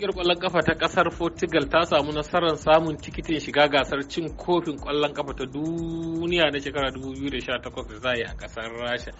Ƙungiyar ƙwallon ƙafa ta ƙasar Portugal ta samu nasarar samun tikitin shiga gasar cin kofin ƙwallon ƙafa ta duniya na shekara 2018 da za yi a ƙasar Rasha.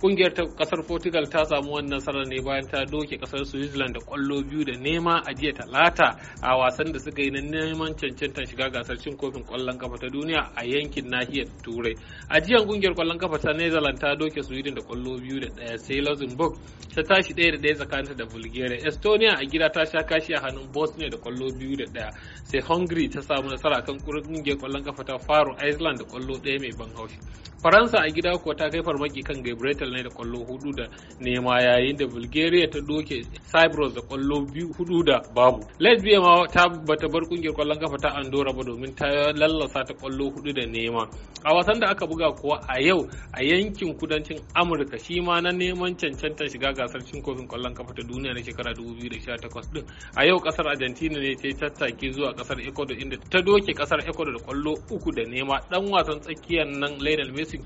Ƙungiyar ta ƙasar Portugal ta samu wannan nasarar ne bayan ta doke ƙasar Switzerland da ƙwallo biyu da nema a jiya talata a wasan da suka yi na neman cancanta shiga gasar cin kofin ƙwallon ƙafa ta duniya a yankin nahiyar Turai. A jiyan ƙungiyar ƙwallon ƙafa ta Netherlands ta doke Sweden da ƙwallo biyu da ɗaya sai Luxembourg ta tashi ɗaya da ɗaya tsakanin da Bulgaria. Estonia a gida ta sha kashi shi a hannun bosnia da kwallo biyu da daya sai hungary ta samu nasara kan kungiyar kwallon kafa ta faro iceland da kwallo daya mai ban haushi faransa a gida kuwa ta kai farmaki kan gabriel ne da kwallo hudu da nema yayin da bulgaria ta doke cyprus da kwallo biyu hudu da babu lesbia ma ta bata bar kungiyar kwallon kafa ta andorra ba domin ta lallasa ta kwallo hudu da nema a wasan da aka buga kuwa a yau a yankin kudancin amurka shi ma na neman cancantar shiga gasar cin kofin kwallon kafa ta duniya na shekara 2018 din a yau kasar argentina ne ta yi tattaki zuwa kasar ecuador inda ta doke kasar ecuador da kwallo uku da nema dan wasan tsakiyar nan lionel messi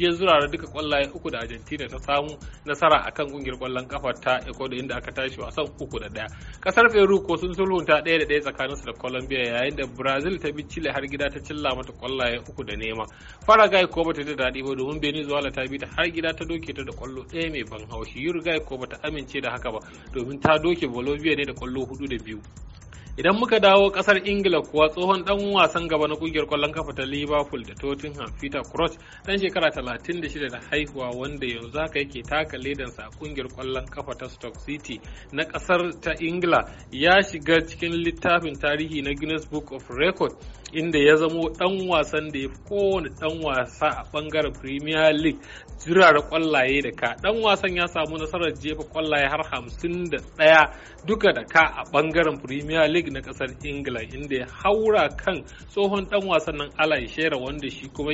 shi ya zurara duka kwallaye uku da Argentina ta samu nasara akan kungiyar kwallon kafa ta Ecuador inda aka tashi wasan uku da daya. Kasar Peru ko sun sulhunta daya da ɗaya tsakanin su da Colombia yayin da Brazil ta bi Chile har gida ta cilla mata kwallaye uku da nema. Paraguay ko bata da daɗi ba domin Venezuela ta bi ta har gida ta doke ta da kwallo ɗaya mai ban haushi. Uruguay ko bata amince da haka ba domin ta doke Bolivia ne da kwallo hudu da biyu. idan muka dawo kasar ingila kuwa tsohon dan wasan gaba na kungiyar kwallon kafa ta liverpool da tottenham peter crouch dan shekara 36 da haihuwa wanda yanzu haka yake taka ledansa a kungiyar kwallon kafa ta stock city na kasar ta ingila ya shiga cikin littafin tarihi na guinness book of record inda ya zamo dan wasan da ya fi kowane dan wasa a bangaren premier league jirara kwallaye da ka dan wasan ya samu nasarar jefa kwallaye har hamsin da ɗaya duka da ka a bangaren premier league na kasar england inda ya haura kan tsohon dan wasan nan ala shera wanda shi kuma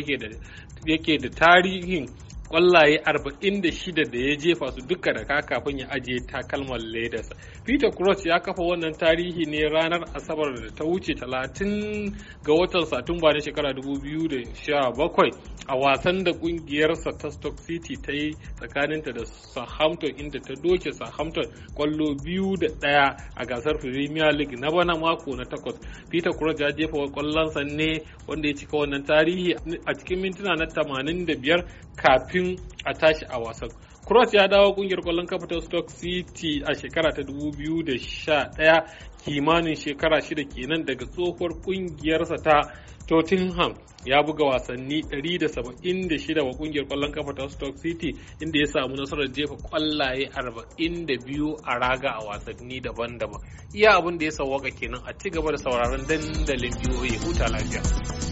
yake da tarihin kwallaye 46 da ya jefa su duka da ka kafin ya ajiye takalman ledarsa peter cross ya kafa wannan tarihi ne ranar asabar da ta wuce 30 ga watan satumba na shekara 2017 a wasan da kungiyarsa ta stock city ta yi tsakaninta da southampton inda ta doke southampton kwallo biyu da daya a gasar premier league na bana mako na takwas peter cross ya jefa kwallonsa ne wanda ya cika wannan tarihi a cikin mintuna na 85 kafin kafin a tashi a wasan. Cross ya dawo kungiyar kwallon kafa ta Stock City a shekara ta 2011 kimanin shekara shida kenan daga tsohuwar kungiyarsa ta Tottenham ya buga wasanni 176 wa kungiyar kwallon kafa ta Stock City inda ya samu nasarar jefa kwallaye 42 a raga a wasanni daban-daban. Iya abin da ya sawwaka kenan a ci gaba da sauraron dandalin biyoyi huta lafiya.